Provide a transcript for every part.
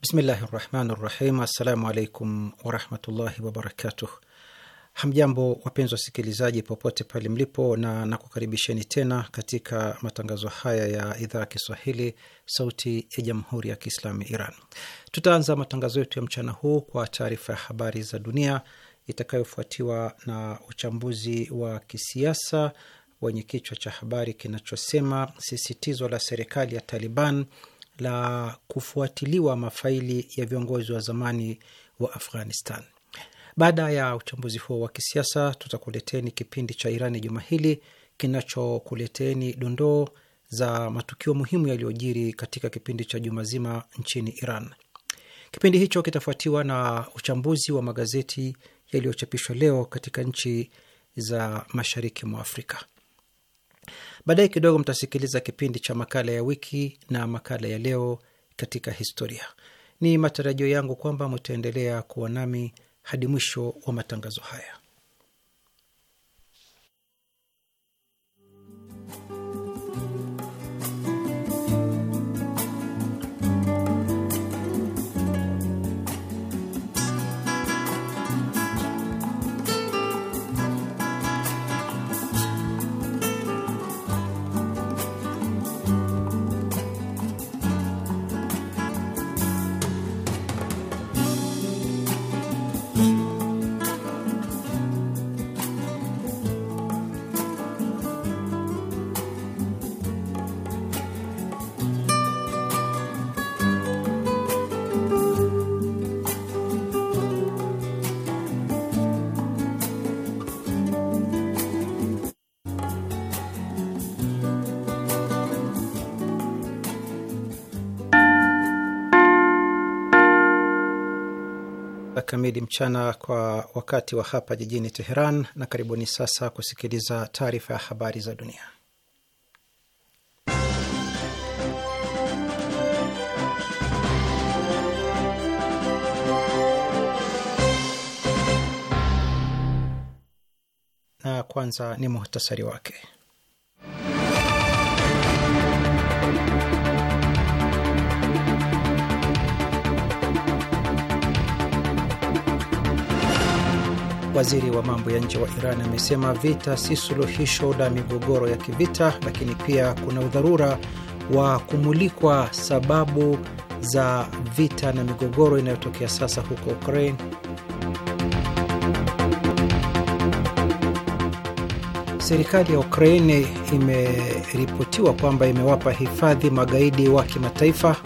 Bismillahi rahmani rahim. Assalamu alaikum warahmatullahi wabarakatuh. Hamjambo wapenzi wasikilizaji, popote pale mlipo, na nakukaribisheni tena katika matangazo haya ya idhaa ya Kiswahili, Sauti ya Jamhuri ya Kiislamu ya Iran. Tutaanza matangazo yetu ya mchana huu kwa taarifa ya habari za dunia itakayofuatiwa na uchambuzi wa kisiasa wenye kichwa cha habari kinachosema sisitizo la serikali ya Taliban la kufuatiliwa mafaili ya viongozi wa zamani wa Afghanistan. Baada ya uchambuzi huo wa kisiasa, tutakuleteni kipindi cha Irani juma hili kinachokuleteni dondoo za matukio muhimu yaliyojiri katika kipindi cha juma zima nchini Iran. Kipindi hicho kitafuatiwa na uchambuzi wa magazeti yaliyochapishwa leo katika nchi za mashariki mwa Afrika. Baadaye kidogo mtasikiliza kipindi cha makala ya wiki na makala ya leo katika historia. Ni matarajio yangu kwamba mtaendelea kuwa nami hadi mwisho wa matangazo haya. kamili mchana kwa wakati wa hapa jijini Teheran, na karibuni sasa kusikiliza taarifa ya habari za dunia. Na kwanza ni muhtasari wake. Waziri wa mambo ya nje wa Iran amesema vita si suluhisho la migogoro ya kivita, lakini pia kuna udharura wa kumulikwa sababu za vita na migogoro inayotokea sasa huko Ukraine. Serikali ya Ukraini imeripotiwa kwamba imewapa hifadhi magaidi wa kimataifa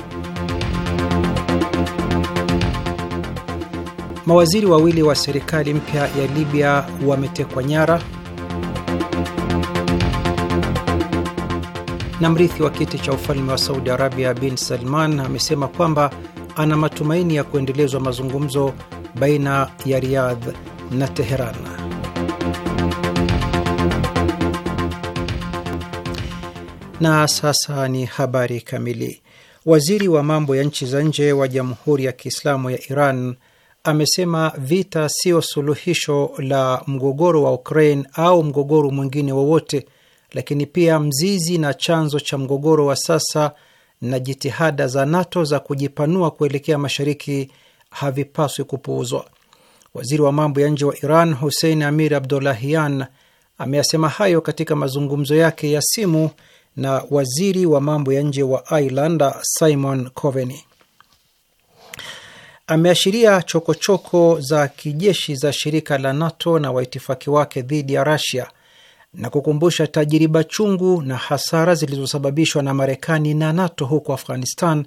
Mawaziri wawili wa serikali mpya ya Libya wametekwa nyara, na mrithi wa kiti cha ufalme wa Saudi Arabia bin Salman amesema kwamba ana matumaini ya kuendelezwa mazungumzo baina ya Riyadh na Teheran. Na sasa ni habari kamili. Waziri wa mambo ya nchi za nje wa Jamhuri ya Kiislamu ya Iran amesema vita siyo suluhisho la mgogoro wa Ukraine au mgogoro mwingine wowote, lakini pia mzizi na chanzo cha mgogoro wa sasa na jitihada za NATO za kujipanua kuelekea mashariki havipaswi kupuuzwa. Waziri wa mambo ya nje wa Iran Hussein Amir Abdollahian ameyasema hayo katika mazungumzo yake ya simu na waziri wa mambo ya nje wa Ireland Simon Coveney ameashiria chokochoko za kijeshi za shirika la NATO na waitifaki wake dhidi ya rasia na kukumbusha tajiriba chungu na hasara zilizosababishwa na Marekani na NATO huko Afghanistan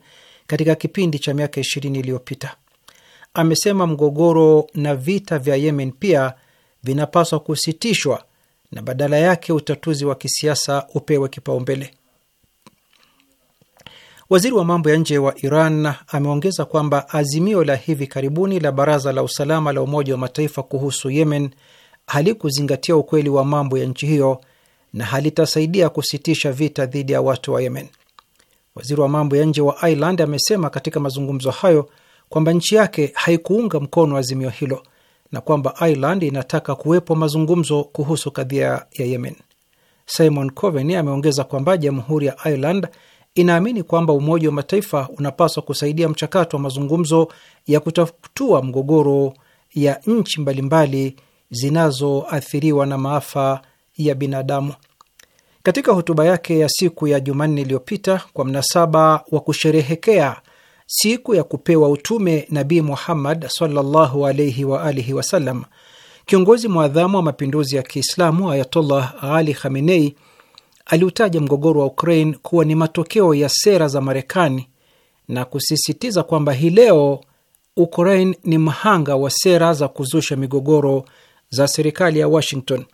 katika kipindi cha miaka 20 iliyopita. Amesema mgogoro na vita vya Yemen pia vinapaswa kusitishwa na badala yake utatuzi wa kisiasa upewe kipaumbele. Waziri wa mambo ya nje wa Iran ameongeza kwamba azimio la hivi karibuni la Baraza la Usalama la Umoja wa Mataifa kuhusu Yemen halikuzingatia ukweli wa mambo ya nchi hiyo na halitasaidia kusitisha vita dhidi ya watu wa Yemen. Waziri wa mambo ya nje wa Ireland amesema katika mazungumzo hayo kwamba nchi yake haikuunga mkono azimio hilo na kwamba Ireland inataka kuwepo mazungumzo kuhusu kadhia ya Yemen. Simon Coveney ameongeza kwamba jamhuri ya Ireland inaamini kwamba Umoja wa Mataifa unapaswa kusaidia mchakato wa mazungumzo ya kutatua mgogoro ya nchi mbalimbali zinazoathiriwa na maafa ya binadamu. Katika hotuba yake ya siku ya Jumanne iliyopita kwa mnasaba wa kusherehekea siku ya kupewa utume Nabii Muhammad sallallahu alaihi wa alihi wasallam, kiongozi mwadhamu wa mapinduzi ya Kiislamu Ayatollah Ali Khamenei aliutaja mgogoro wa Ukraine kuwa ni matokeo ya sera za Marekani na kusisitiza kwamba hii leo Ukraine ni mhanga wa sera za kuzusha migogoro za serikali ya Washington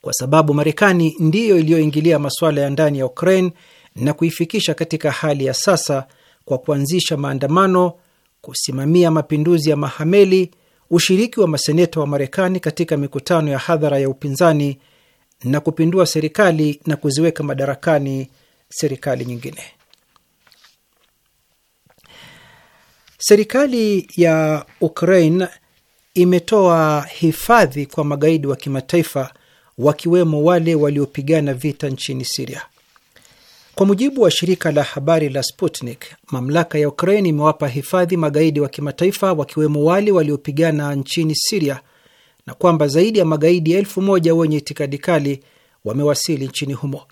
kwa sababu Marekani ndiyo iliyoingilia masuala ya ndani ya Ukraine na kuifikisha katika hali ya sasa kwa kuanzisha maandamano, kusimamia mapinduzi ya mahameli, ushiriki wa maseneta wa Marekani katika mikutano ya hadhara ya upinzani na kupindua serikali na kuziweka madarakani serikali nyingine. Serikali ya Ukraine imetoa hifadhi kwa magaidi wa kimataifa wakiwemo wale waliopigana vita nchini Siria. Kwa mujibu wa shirika la habari la Sputnik, mamlaka ya Ukraine imewapa hifadhi magaidi wa kimataifa wakiwemo wale waliopigana nchini Siria na kwamba zaidi ya magaidi elfu moja wenye itikadi kali wamewasili nchini humo.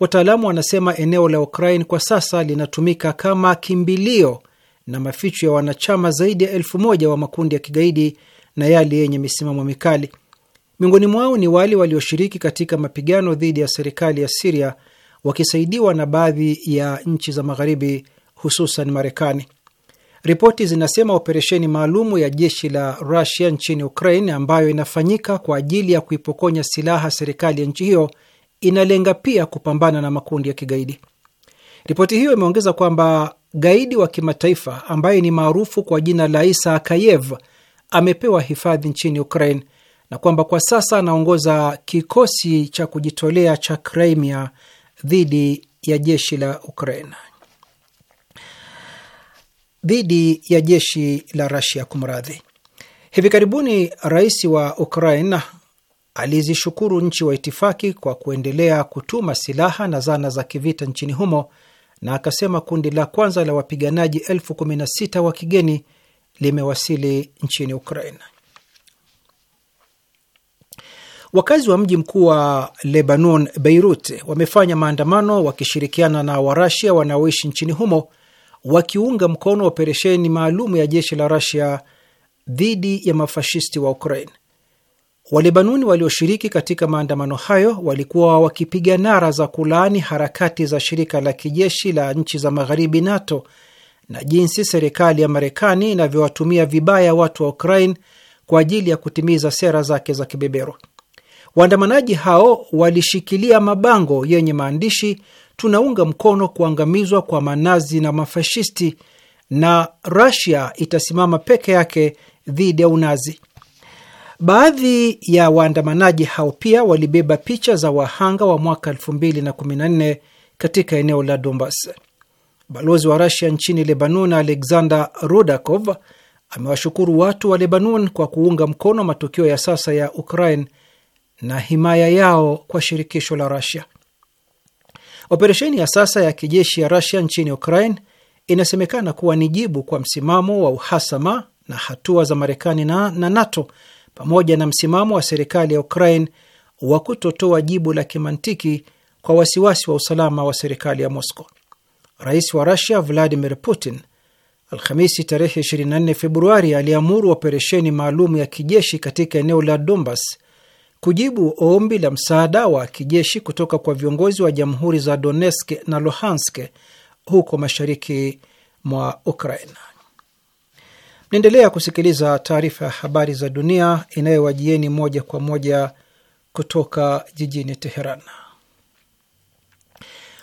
Wataalamu wanasema eneo la Ukraine kwa sasa linatumika kama kimbilio na maficho ya wanachama zaidi ya elfu moja wa makundi ya kigaidi na yale yenye misimamo mikali. Miongoni mwao ni wale walioshiriki katika mapigano dhidi ya serikali ya Siria wakisaidiwa na baadhi ya nchi za Magharibi, hususan Marekani. Ripoti zinasema operesheni maalumu ya jeshi la Rusia nchini Ukraine ambayo inafanyika kwa ajili ya kuipokonya silaha serikali ya nchi hiyo inalenga pia kupambana na makundi ya kigaidi. Ripoti hiyo imeongeza kwamba gaidi wa kimataifa ambaye ni maarufu kwa jina la Isa Akayev amepewa hifadhi nchini Ukraine na kwamba kwa sasa anaongoza kikosi cha kujitolea cha Crimea dhidi ya jeshi la Ukraine dhidi ya jeshi la Rasia. Kumradhi, hivi karibuni rais wa Ukraina alizishukuru nchi wa itifaki kwa kuendelea kutuma silaha na zana za kivita nchini humo na akasema kundi la kwanza la wapiganaji elfu kumi na sita wa kigeni limewasili nchini ukrain Wakazi wa mji mkuu wa Lebanon, Beirut, wamefanya maandamano wakishirikiana na Warasia wanaoishi nchini humo wakiunga mkono operesheni maalum ya jeshi la Rasia dhidi ya mafashisti wa Ukraine. Walebanuni walioshiriki katika maandamano hayo walikuwa wakipiga nara za kulaani harakati za shirika la kijeshi la nchi za magharibi NATO na jinsi serikali ya Marekani inavyowatumia vibaya watu wa Ukraine kwa ajili ya kutimiza sera zake za kibeberwa. Waandamanaji hao walishikilia mabango yenye maandishi tunaunga mkono kuangamizwa kwa manazi na mafashisti na rasia itasimama peke yake dhidi ya unazi. Baadhi ya waandamanaji hao pia walibeba picha za wahanga wa mwaka 2014 katika eneo la Donbas. Balozi wa rasia nchini Lebanon, Alexander Rudakov, amewashukuru watu wa Lebanon kwa kuunga mkono matukio ya sasa ya Ukraine na himaya yao kwa shirikisho la rasia Operesheni ya sasa ya kijeshi ya Rusia nchini Ukraine inasemekana kuwa ni jibu kwa msimamo wa uhasama na hatua za Marekani na, na NATO pamoja na msimamo wa serikali ya Ukraine wa kutotoa jibu la kimantiki kwa wasiwasi wa usalama wa serikali ya Moscow. Rais wa Rusia Vladimir Putin Alhamisi tarehe 24 Februari aliamuru operesheni maalum ya kijeshi katika eneo la Donbas kujibu ombi la msaada wa kijeshi kutoka kwa viongozi wa jamhuri za Donetsk na Luhansk huko mashariki mwa Ukraina. naendelea kusikiliza taarifa ya habari za dunia inayowajieni moja kwa moja kutoka jijini Teheran.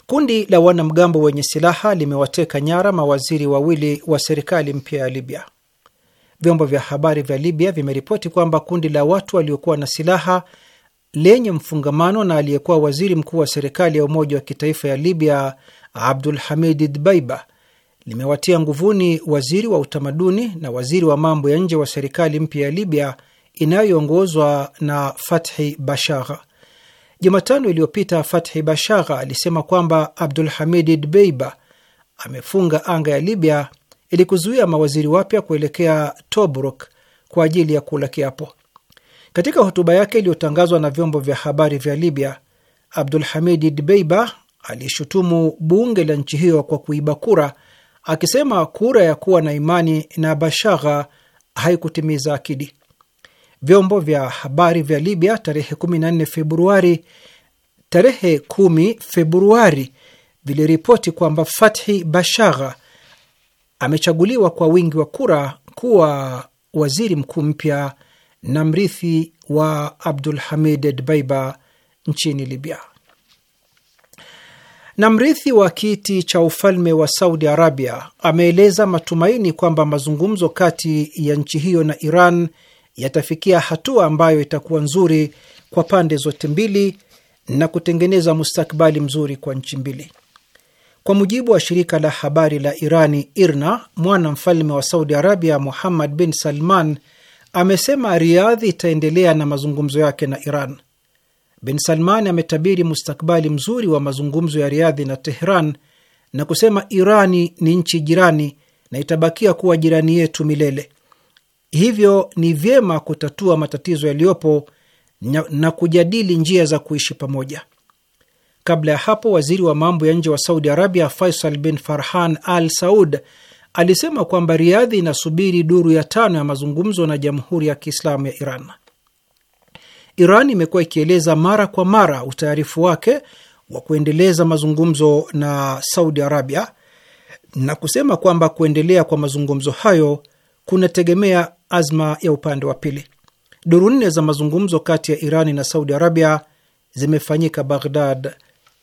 Kundi la wanamgambo wenye silaha limewateka nyara mawaziri wawili wa serikali mpya ya Libya. Vyombo vya habari vya Libya vimeripoti kwamba kundi la watu waliokuwa na silaha lenye mfungamano na aliyekuwa waziri mkuu wa serikali ya umoja wa kitaifa ya Libya Abdul Hamid Dbeiba limewatia nguvuni waziri wa utamaduni na waziri wa mambo ya nje wa serikali mpya ya Libya inayoongozwa na Fathi Bashagha. Jumatano iliyopita, Fathi Bashagha alisema kwamba Abdul Hamid Dbeiba amefunga anga ya Libya ili kuzuia mawaziri wapya kuelekea Tobruk kwa ajili ya kula kiapo. Katika hotuba yake iliyotangazwa na vyombo vya habari vya Libya, Abdul Hamid Dbeiba alishutumu bunge la nchi hiyo kwa kuiba kura, akisema kura ya kuwa na imani na Bashagha haikutimiza akidi. Vyombo vya habari vya Libya tarehe 14 Februari tarehe 10 Februari viliripoti kwamba Fathi Bashagha amechaguliwa kwa wingi wa kura kuwa waziri mkuu mpya na mrithi wa Abdul Hamid Dbeiba nchini Libya. Na mrithi wa kiti cha ufalme wa Saudi Arabia ameeleza matumaini kwamba mazungumzo kati ya nchi hiyo na Iran yatafikia hatua ambayo itakuwa nzuri kwa pande zote mbili na kutengeneza mustakabali mzuri kwa nchi mbili. Kwa mujibu wa shirika la habari la Irani IRNA, mwana mfalme wa Saudi Arabia Muhammad bin Salman amesema Riadhi itaendelea na mazungumzo yake na Iran. Bin Salman ametabiri mustakbali mzuri wa mazungumzo ya Riadhi na Tehran na kusema Irani ni nchi jirani na itabakia kuwa jirani yetu milele, hivyo ni vyema kutatua matatizo yaliyopo na kujadili njia za kuishi pamoja. Kabla ya hapo, waziri wa mambo ya nje wa Saudi Arabia Faisal bin Farhan Al Saud alisema kwamba Riadhi inasubiri duru ya tano ya mazungumzo na Jamhuri ya Kiislamu ya Iran. Iran imekuwa ikieleza mara kwa mara utayarifu wake wa kuendeleza mazungumzo na Saudi Arabia na kusema kwamba kuendelea kwa mazungumzo hayo kunategemea azma ya upande wa pili. Duru nne za mazungumzo kati ya Irani na Saudi Arabia zimefanyika Baghdad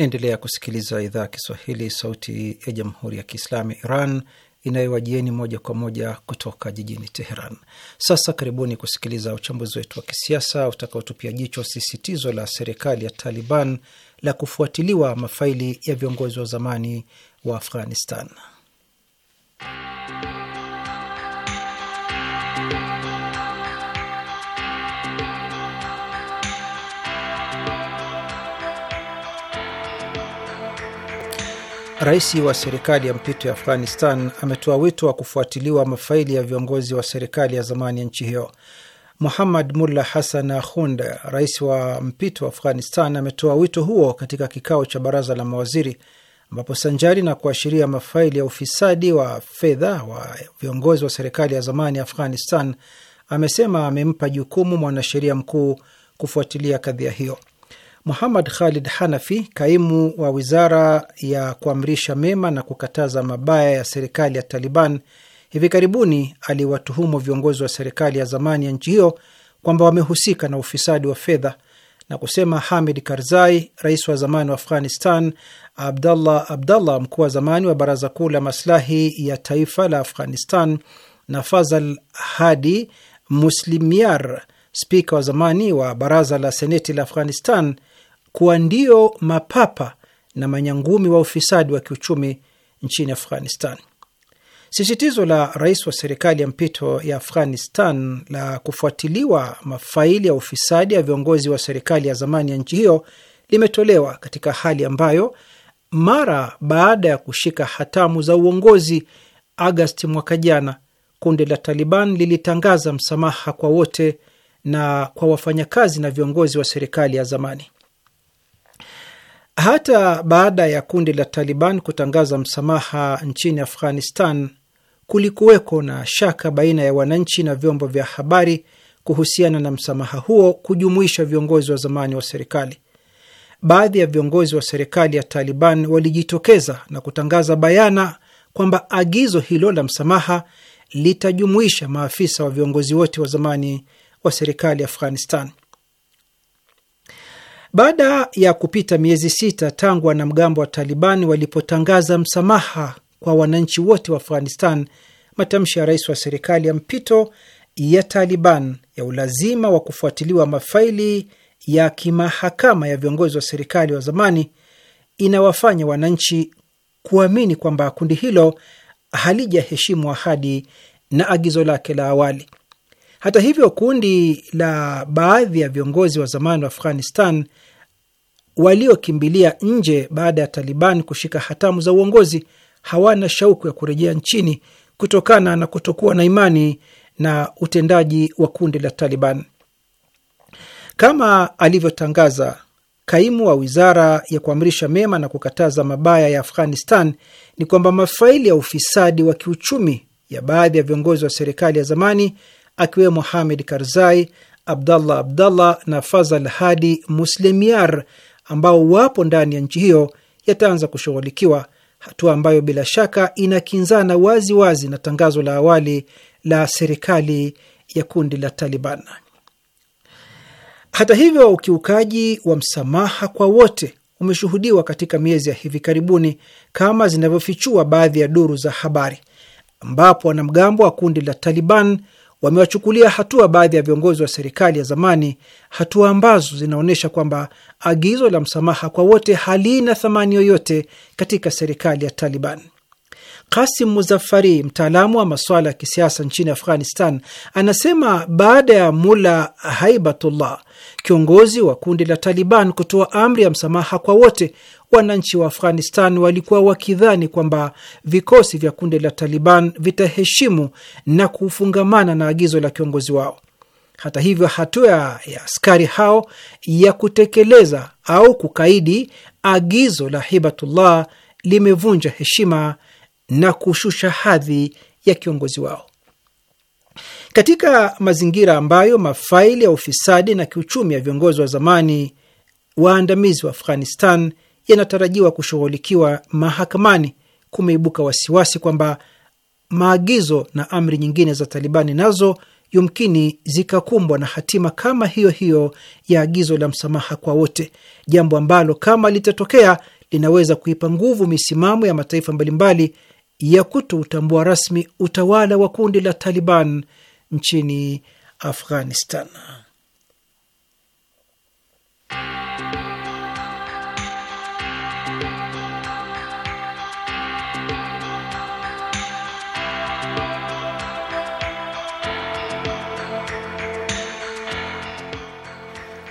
Naendelea kusikiliza idhaa ya Kiswahili, sauti ya jamhuri ya kiislamu ya Iran inayowajieni moja kwa moja kutoka jijini Teheran. Sasa karibuni kusikiliza uchambuzi wetu wa kisiasa utakaotupia jicho sisitizo la serikali ya Taliban la kufuatiliwa mafaili ya viongozi wa zamani wa Afghanistan. Rais wa serikali ya mpito ya Afghanistan ametoa wito wa kufuatiliwa mafaili ya viongozi wa serikali ya zamani ya nchi hiyo. Muhammad Mulla Hassan Akhund, rais wa mpito wa Afghanistan, ametoa wito huo katika kikao cha baraza la mawaziri, ambapo sanjari na kuashiria mafaili ya ufisadi wa fedha wa viongozi wa serikali ya zamani ya Afghanistan, amesema amempa jukumu mwanasheria mkuu kufuatilia kadhia hiyo. Muhammad Khalid Hanafi, kaimu wa wizara ya kuamrisha mema na kukataza mabaya ya serikali ya Taliban, hivi karibuni aliwatuhumu viongozi wa serikali ya zamani ya nchi hiyo kwamba wamehusika na ufisadi wa fedha na kusema Hamid Karzai, rais wa zamani wa Afghanistan, Abdallah Abdallah, mkuu wa zamani wa baraza kuu la maslahi ya taifa la Afghanistan, na Fazal Hadi Muslimyar, spika wa zamani wa baraza la seneti la Afghanistan kuwa ndio mapapa na manyangumi wa ufisadi wa kiuchumi nchini Afghanistan. Sisitizo la rais wa serikali ya mpito ya Afghanistan la kufuatiliwa mafaili ya ufisadi ya viongozi wa serikali ya zamani ya nchi hiyo limetolewa katika hali ambayo mara baada ya kushika hatamu za uongozi Agasti mwaka jana, kundi la Taliban lilitangaza msamaha kwa wote na kwa wafanyakazi na viongozi wa serikali ya zamani. Hata baada ya kundi la Taliban kutangaza msamaha nchini Afghanistan, kulikuweko na shaka baina ya wananchi na vyombo vya habari kuhusiana na msamaha huo kujumuisha viongozi wa zamani wa serikali. Baadhi ya viongozi wa serikali ya Taliban walijitokeza na kutangaza bayana kwamba agizo hilo la msamaha litajumuisha maafisa wa viongozi wote wa zamani wa serikali ya Afghanistan. Baada ya kupita miezi sita tangu wanamgambo wa Taliban walipotangaza msamaha kwa wananchi wote wa Afghanistan, matamshi ya rais wa serikali ya mpito ya Taliban ya ulazima wa kufuatiliwa mafaili ya kimahakama ya viongozi wa serikali wa zamani inawafanya wananchi kuamini kwamba kundi hilo halijaheshimu ahadi na agizo lake la awali. Hata hivyo, kundi la baadhi ya viongozi wa zamani wa Afghanistan waliokimbilia nje baada ya Taliban kushika hatamu za uongozi hawana shauku ya kurejea nchini kutokana na kutokuwa na imani na utendaji wa kundi la Taliban. Kama alivyotangaza kaimu wa wizara ya kuamrisha mema na kukataza mabaya ya Afghanistan ni kwamba mafaili ya ufisadi wa kiuchumi ya baadhi ya viongozi wa serikali ya zamani akiwemo Hamid Karzai, Abdallah Abdallah na Fazal Hadi Muslimiar ambao wapo ndani ya nchi hiyo yataanza kushughulikiwa, hatua ambayo bila shaka inakinzana wazi wazi na tangazo la awali la serikali ya kundi la Taliban. Hata hivyo, ukiukaji wa msamaha kwa wote umeshuhudiwa katika miezi ya hivi karibuni kama zinavyofichua baadhi ya duru za habari, ambapo wanamgambo wa kundi la Taliban wamewachukulia hatua baadhi ya viongozi wa serikali ya zamani, hatua ambazo zinaonyesha kwamba agizo la msamaha kwa wote halina thamani yoyote katika serikali ya Taliban. Kasim muzafari mtaalamu wa masuala ya kisiasa nchini Afghanistan, anasema baada ya Mula Haibatullah, kiongozi wa kundi la Taliban, kutoa amri ya msamaha kwa wote, wananchi wa Afghanistan walikuwa wakidhani kwamba vikosi vya kundi la Taliban vitaheshimu na kufungamana na agizo la kiongozi wao. Hata hivyo, hatua ya askari hao ya kutekeleza au kukaidi agizo la Hibatullah limevunja heshima na kushusha hadhi ya kiongozi wao. Katika mazingira ambayo mafaili ya ufisadi na kiuchumi ya viongozi wa zamani waandamizi wa Afghanistan yanatarajiwa kushughulikiwa mahakamani, kumeibuka wasiwasi kwamba maagizo na amri nyingine za Talibani nazo yumkini zikakumbwa na hatima kama hiyo hiyo ya agizo la msamaha kwa wote, jambo ambalo kama litatokea linaweza kuipa nguvu misimamo ya mataifa mbalimbali ya kutoutambua rasmi utawala wa kundi la Taliban nchini Afghanistan.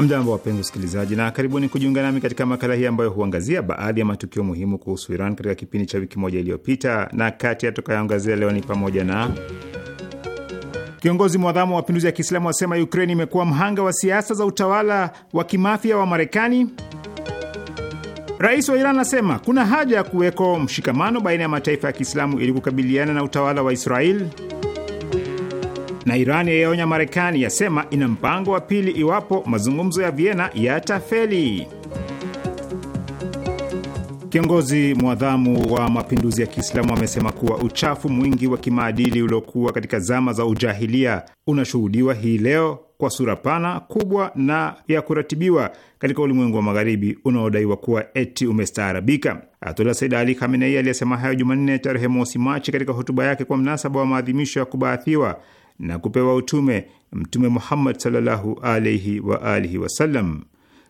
Hamjambo, wapenzi wasikilizaji, na karibuni kujiunga nami katika makala hii ambayo huangazia baadhi ya matukio muhimu kuhusu Iran katika kipindi cha wiki moja iliyopita, na kati ya tutakayoangazia leo ni pamoja na Kiongozi mwadhamu wa mapinduzi ya Kiislamu asema Ukraini imekuwa mhanga wa siasa za utawala wa kimafia wa Marekani. Rais wa Iran asema kuna haja ya kuweko mshikamano baina ya mataifa ya Kiislamu ili kukabiliana na utawala wa Israeli na Iran yaionya Marekani, yasema ina mpango wa pili iwapo mazungumzo ya Vienna yatafeli. Kiongozi mwadhamu wa mapinduzi ya Kiislamu amesema kuwa uchafu mwingi wa kimaadili uliokuwa katika zama za ujahilia unashuhudiwa hii leo kwa sura pana, kubwa na ya kuratibiwa katika ulimwengu wa Magharibi unaodaiwa kuwa eti umestaarabika. Ayatullah Said Ali Khamenei aliyesema hayo Jumanne tarehe mosi Machi katika hotuba yake kwa mnasaba wa maadhimisho ya kubaathiwa na kupewa utume Mtume Muhammad sallallahu alaihi wa alihi wasallam.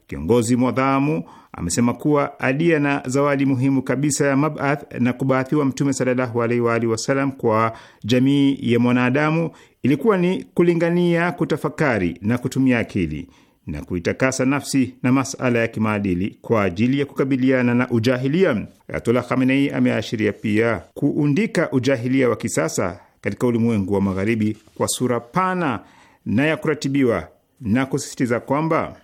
Kiongozi mwadhamu amesema kuwa alia na zawadi muhimu kabisa ya mabath na kubaathiwa Mtume sallallahu alaihi wa alihi wasallam kwa jamii ya mwanadamu ilikuwa ni kulingania, kutafakari na kutumia akili na kuitakasa nafsi na masala ya kimaadili kwa ajili ya kukabiliana na ujahilia. Ayatullah Khamenei ameashiria pia kuundika ujahilia wa kisasa katika ulimwengu wa magharibi kwa sura pana na ya kuratibiwa na kusisitiza kwamba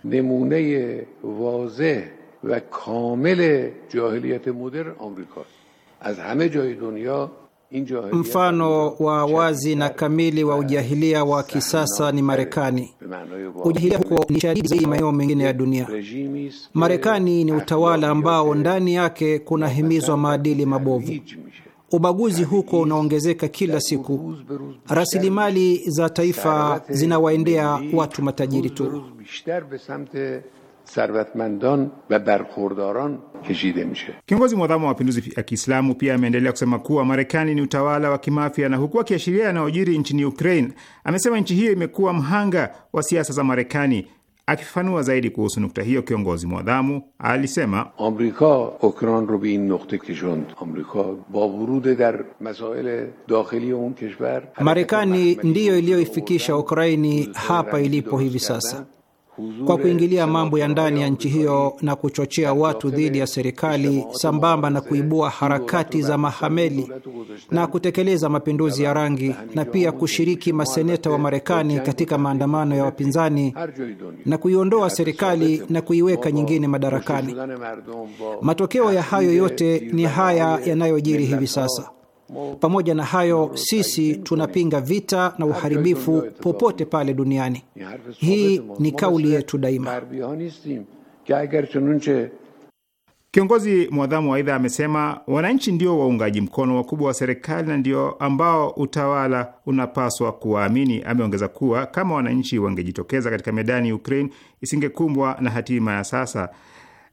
Mfano wa wazi na kamili wa ujahilia wa kisasa ni Marekani. Ujahilia huko ni shadidi zaidi maeneo mengine ya dunia. Marekani ni utawala ambao ndani yake kunahimizwa maadili mabovu. Ubaguzi huko unaongezeka kila siku. Rasilimali za taifa zinawaendea watu matajiri tu. Kiongozi mwadhamu wa mapinduzi ya Kiislamu pia ameendelea kusema kuwa Marekani ni utawala wa kimafia, na huku akiashiria yanayojiri nchini Ukraine, amesema nchi hiyo imekuwa mhanga wa siasa za Marekani Akifafanua zaidi kuhusu nukta hiyo, kiongozi mwadhamu alisema Marekani ndiyo iliyoifikisha Ukraini hapa ilipo hivi sasa kwa kuingilia mambo ya ndani ya nchi hiyo na kuchochea watu dhidi ya serikali sambamba na kuibua harakati za mahameli na kutekeleza mapinduzi ya rangi na pia kushiriki maseneta wa Marekani katika maandamano ya wapinzani na kuiondoa serikali na kuiweka nyingine madarakani. Matokeo ya hayo yote ni haya yanayojiri hivi sasa. Pamoja na hayo, sisi tunapinga vita na uharibifu popote pale duniani. Hii ni kauli yetu daima. Kiongozi mwadhamu aidha amesema wananchi ndio waungaji mkono wakubwa wa serikali na ndio ambao utawala unapaswa kuwaamini. Ameongeza kuwa kama wananchi wangejitokeza katika medani, Ukraine isingekumbwa na hatima ya sasa.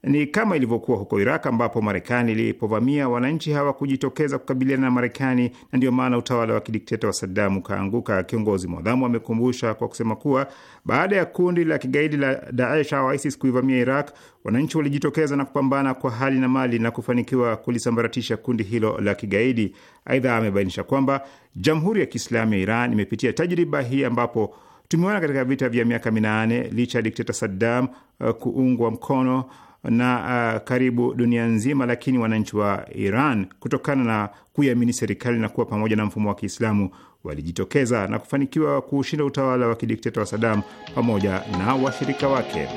Ni kama ilivyokuwa huko Iraq ambapo Marekani ilipovamia wananchi hawakujitokeza kukabiliana na Marekani, na ndio maana utawala wa kidikteta wa Saddam ukaanguka. Kiongozi mwadhamu amekumbusha kwa kusema kuwa baada ya kundi la kigaidi la Daesh au ISIS kuivamia Iraq, wananchi walijitokeza na kupambana kwa hali na mali na kufanikiwa kulisambaratisha kundi hilo la kigaidi. Aidha, amebainisha kwamba Jamhuri ya Kiislamu ya Iran imepitia tajriba hii ambapo tumeona katika vita vya miaka minane licha ya dikteta Saddam uh, kuungwa mkono na uh, karibu dunia nzima, lakini wananchi wa Iran kutokana na kuiamini serikali na kuwa pamoja na mfumo wa Kiislamu walijitokeza na kufanikiwa kushinda utawala wa kidikteta wa Sadam pamoja na washirika wake.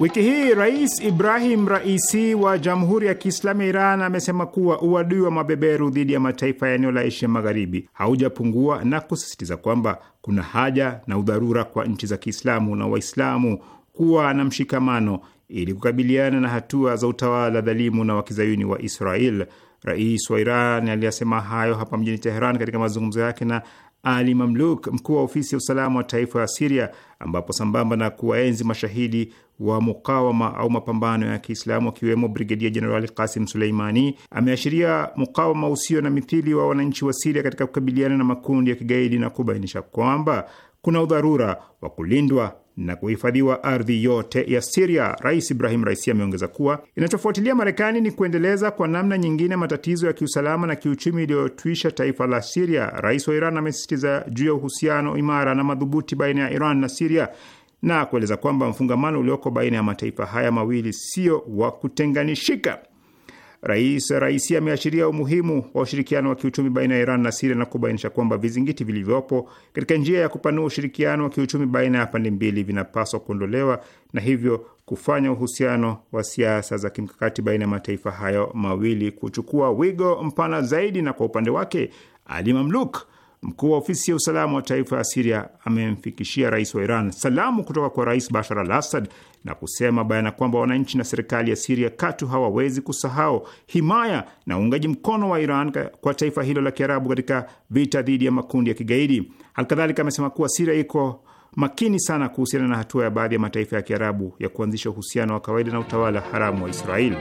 Wiki hii Rais Ibrahim Raisi wa Jamhuri ya Kiislamu ya Iran amesema kuwa uadui wa mabeberu dhidi ya mataifa ya eneo la Asia Magharibi haujapungua na kusisitiza kwamba kuna haja na udharura kwa nchi za Kiislamu na Waislamu kuwa na mshikamano ili kukabiliana na hatua za utawala dhalimu na wakizayuni wa Israel. Rais wa Iran aliyasema hayo hapa mjini Teheran katika mazungumzo yake na ali Mamluk, mkuu wa ofisi ya usalama wa taifa ya Siria, ambapo sambamba na kuwaenzi mashahidi wa mukawama au mapambano ya Kiislamu akiwemo Brigedia Jenerali Kasim Suleimani ameashiria mukawama usio na mithili wa wananchi wa Siria katika kukabiliana na makundi ya kigaidi na kubainisha kwamba kuna udharura wa kulindwa na kuhifadhiwa ardhi yote ya Siria. Rais Ibrahim Raisi ameongeza kuwa inachofuatilia Marekani ni kuendeleza kwa namna nyingine matatizo ya kiusalama na kiuchumi iliyotwisha taifa la Siria. Rais wa Iran amesisitiza juu ya uhusiano imara na madhubuti baina ya Iran na Siria na kueleza kwamba mfungamano ulioko baina ya mataifa haya mawili sio wa kutenganishika. Rais Raisi ameashiria umuhimu wa ushirikiano wa kiuchumi baina ya Iran na Siria na kubainisha kwamba vizingiti vilivyopo katika njia ya kupanua ushirikiano wa kiuchumi baina ya pande mbili vinapaswa kuondolewa na hivyo kufanya uhusiano wa siasa za kimkakati baina ya mataifa hayo mawili kuchukua wigo mpana zaidi. Na kwa upande wake, Ali Mamluk, mkuu wa ofisi ya usalama wa taifa ya Siria, amemfikishia rais wa Iran salamu kutoka kwa Rais Bashar al Assad na kusema bayana kwamba wananchi na serikali ya Siria katu hawawezi kusahau himaya na uungaji mkono wa Iran kwa taifa hilo la Kiarabu katika vita dhidi ya makundi ya kigaidi. Halikadhalika amesema kuwa Siria iko makini sana kuhusiana na hatua ya baadhi ya mataifa ya Kiarabu ya kuanzisha uhusiano wa kawaida na utawala haramu wa Israeli.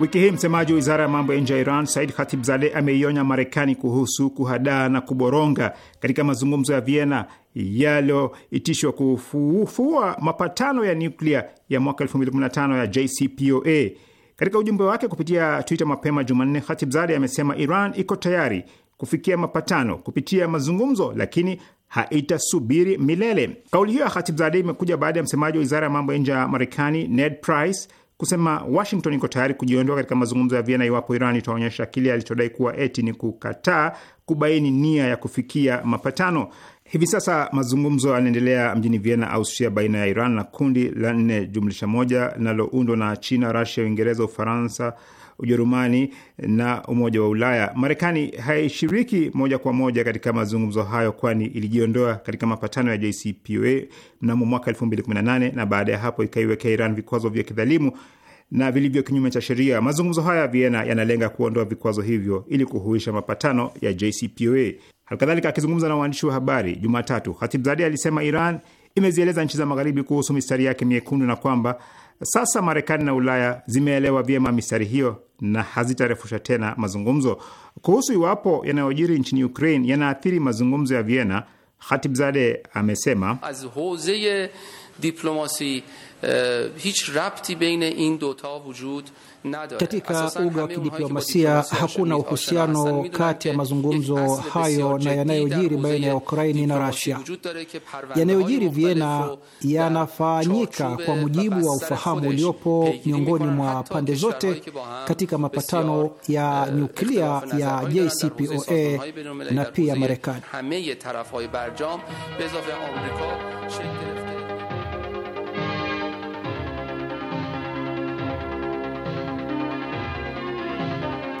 Wiki hii msemaji wa wizara ya mambo ya nje ya Iran Said Khatibzadeh ameionya Marekani kuhusu kuhadaa na kuboronga katika mazungumzo ya Vienna yaliyoitishwa kufufua mapatano ya nuklia ya mwaka 2015 ya JCPOA. Katika ujumbe wake kupitia Twitter mapema Jumanne, Khatibzadeh amesema Iran iko tayari kufikia mapatano kupitia mazungumzo, lakini haitasubiri milele. Kauli hiyo ya Khatibzadeh imekuja baada ya msemaji wa wizara ya mambo ya nje ya Marekani Ned Price kusema Washington iko tayari kujiondoa katika mazungumzo ya Vienna iwapo Iran itaonyesha kile alichodai kuwa eti ni kukataa kubaini nia ya kufikia mapatano. Hivi sasa mazungumzo yanaendelea mjini Vienna, Austria, baina ya Iran na kundi la nne jumlisha moja linaloundwa na China, Rasia, Uingereza, Ufaransa, Ujerumani na Umoja wa Ulaya. Marekani haishiriki moja kwa moja katika mazungumzo hayo, kwani ilijiondoa katika mapatano ya JCPOA mnamo mwaka 2018 na baada ya hapo ikaiwekea Iran vikwazo vya kidhalimu na vilivyo kinyume cha sheria. Mazungumzo haya ya Vienna yanalenga kuondoa vikwazo hivyo ili kuhuisha mapatano ya JCPOA. Halikadhalika, akizungumza na waandishi wa habari Jumatatu, Khatibzadeh alisema Iran imezieleza nchi za Magharibi kuhusu mistari yake miekundu na kwamba sasa Marekani na Ulaya zimeelewa vyema mistari hiyo na hazitarefusha tena mazungumzo kuhusu iwapo yanayojiri nchini Ukraine yanaathiri mazungumzo ya Vienna. Khatibzade amesema eh, diplomasi eh, hich rabti beine in katika uga wa kidiplomasia hakuna uhusiano kati ya mazungumzo hayo na yanayojiri baina ya Ukraini na Rasia. Yanayojiri Viena yanafanyika kwa mujibu wa ufahamu uliopo miongoni mwa pande zote katika mapatano ya eh, nyuklia ya JCPOA na pia Marekani.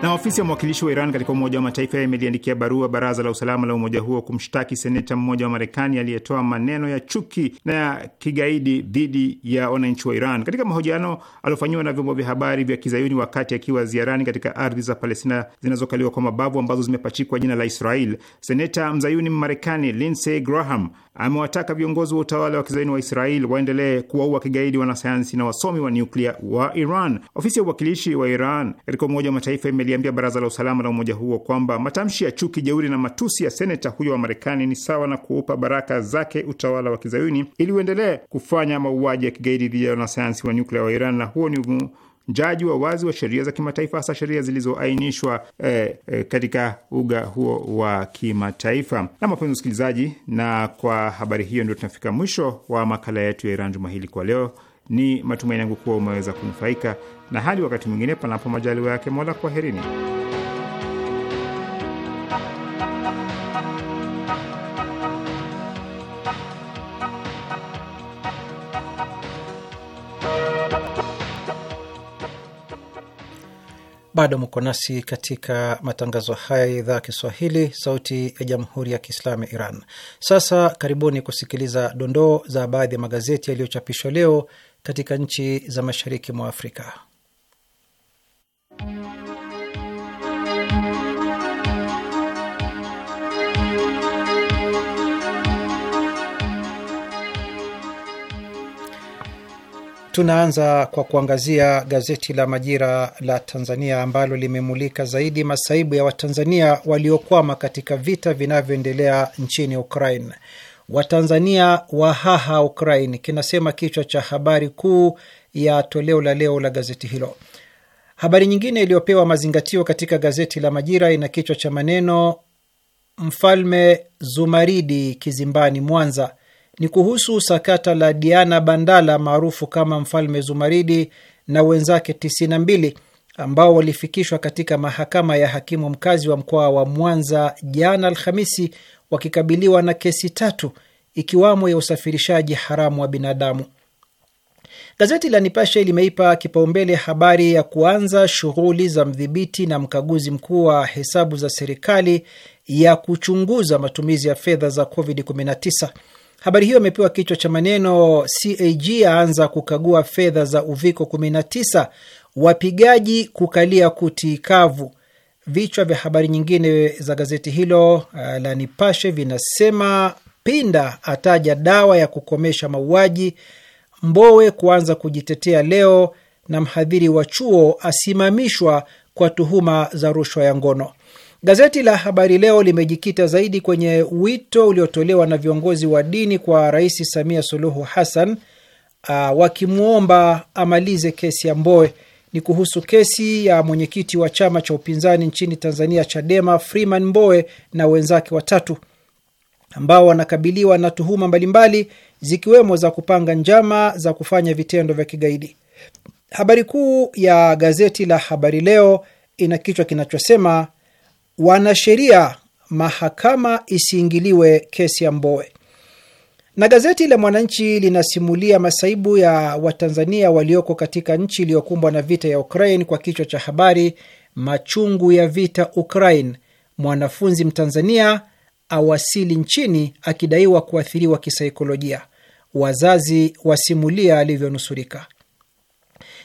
Na ofisi ya mwakilishi wa Iran katika Umoja wa Mataifa imeliandikia barua baraza la usalama la umoja huo kumshtaki seneta mmoja wa Marekani aliyetoa maneno ya chuki na ya kigaidi dhidi ya wananchi wa Iran katika mahojiano aliofanyiwa na vyombo vya habari vya kizayuni wakati akiwa ziarani katika ardhi za Palestina zinazokaliwa kwa mabavu ambazo zimepachikwa jina la Israel. Seneta mzayuni Marekani Lindsey Graham amewataka viongozi wa utawala wa kizayuni wa Israel waendelee kuwaua kigaidi wanasayansi na wasomi wa nyuklia wa Iran. Ofisi ya uwakilishi wa Iran katika Umoja wa Mataifa ameliambia baraza la usalama la umoja huo kwamba matamshi ya chuki, jeuri na matusi ya seneta huyo wa Marekani ni sawa na kuupa baraka zake utawala wa kizayuni ili uendelee kufanya mauaji ya kigaidi dhidi ya wanasayansi wa nyuklia wa Iran, na huo ni uvunjaji wa wazi wa sheria za kimataifa, hasa sheria zilizoainishwa eh, eh, katika uga huo wa kimataifa. Na mapenzi msikilizaji, na kwa habari hiyo ndio tunafika mwisho wa makala yetu ya Iran juma hili kwa leo. Ni matumaini yangu kuwa umeweza kunufaika, na hadi wakati mwingine, panapo majaliwa yake Mola, kwaherini. Bado mko nasi katika matangazo haya ya idhaa ya Kiswahili, sauti ya jamhuri ya kiislamu ya Iran. Sasa karibuni kusikiliza dondoo za baadhi ya magazeti ya magazeti yaliyochapishwa leo katika nchi za mashariki mwa Afrika. Tunaanza kwa kuangazia gazeti la Majira la Tanzania ambalo limemulika zaidi masaibu ya Watanzania waliokwama katika vita vinavyoendelea nchini Ukraine. Watanzania wa haha Ukraine, kinasema kichwa cha habari kuu ya toleo la leo la gazeti hilo. Habari nyingine iliyopewa mazingatio katika gazeti la Majira ina kichwa cha maneno Mfalme Zumaridi kizimbani Mwanza. Ni kuhusu sakata la Diana Bandala maarufu kama Mfalme Zumaridi na wenzake 92 ambao walifikishwa katika mahakama ya hakimu mkazi wa mkoa wa Mwanza jana Alhamisi wakikabiliwa na kesi tatu ikiwamo ya usafirishaji haramu wa binadamu. Gazeti la Nipashe limeipa kipaumbele habari ya kuanza shughuli za mdhibiti na mkaguzi mkuu wa hesabu za serikali ya kuchunguza matumizi ya fedha za COVID-19. Habari hiyo imepewa kichwa cha maneno CAG aanza kukagua fedha za uviko 19, wapigaji kukalia kuti kavu, Vichwa vya habari nyingine za gazeti hilo uh, la Nipashe vinasema Pinda ataja dawa ya kukomesha mauaji, Mbowe kuanza kujitetea leo, na mhadhiri wa chuo asimamishwa kwa tuhuma za rushwa ya ngono. Gazeti la Habari Leo limejikita zaidi kwenye wito uliotolewa na viongozi wa dini kwa Rais Samia Suluhu Hassan, uh, wakimwomba amalize kesi ya Mbowe ni kuhusu kesi ya mwenyekiti wa chama cha upinzani nchini Tanzania, Chadema, Freeman Mbowe na wenzake watatu ambao wanakabiliwa na tuhuma mbalimbali zikiwemo za kupanga njama za kufanya vitendo vya kigaidi. Habari kuu ya gazeti la Habari Leo ina kichwa kinachosema wanasheria, mahakama isiingiliwe kesi ya Mbowe. Na gazeti la Mwananchi linasimulia masaibu ya Watanzania walioko katika nchi iliyokumbwa na vita ya Ukraine kwa kichwa cha habari, machungu ya vita Ukraine, mwanafunzi Mtanzania awasili nchini akidaiwa kuathiriwa kisaikolojia, wazazi wasimulia alivyonusurika.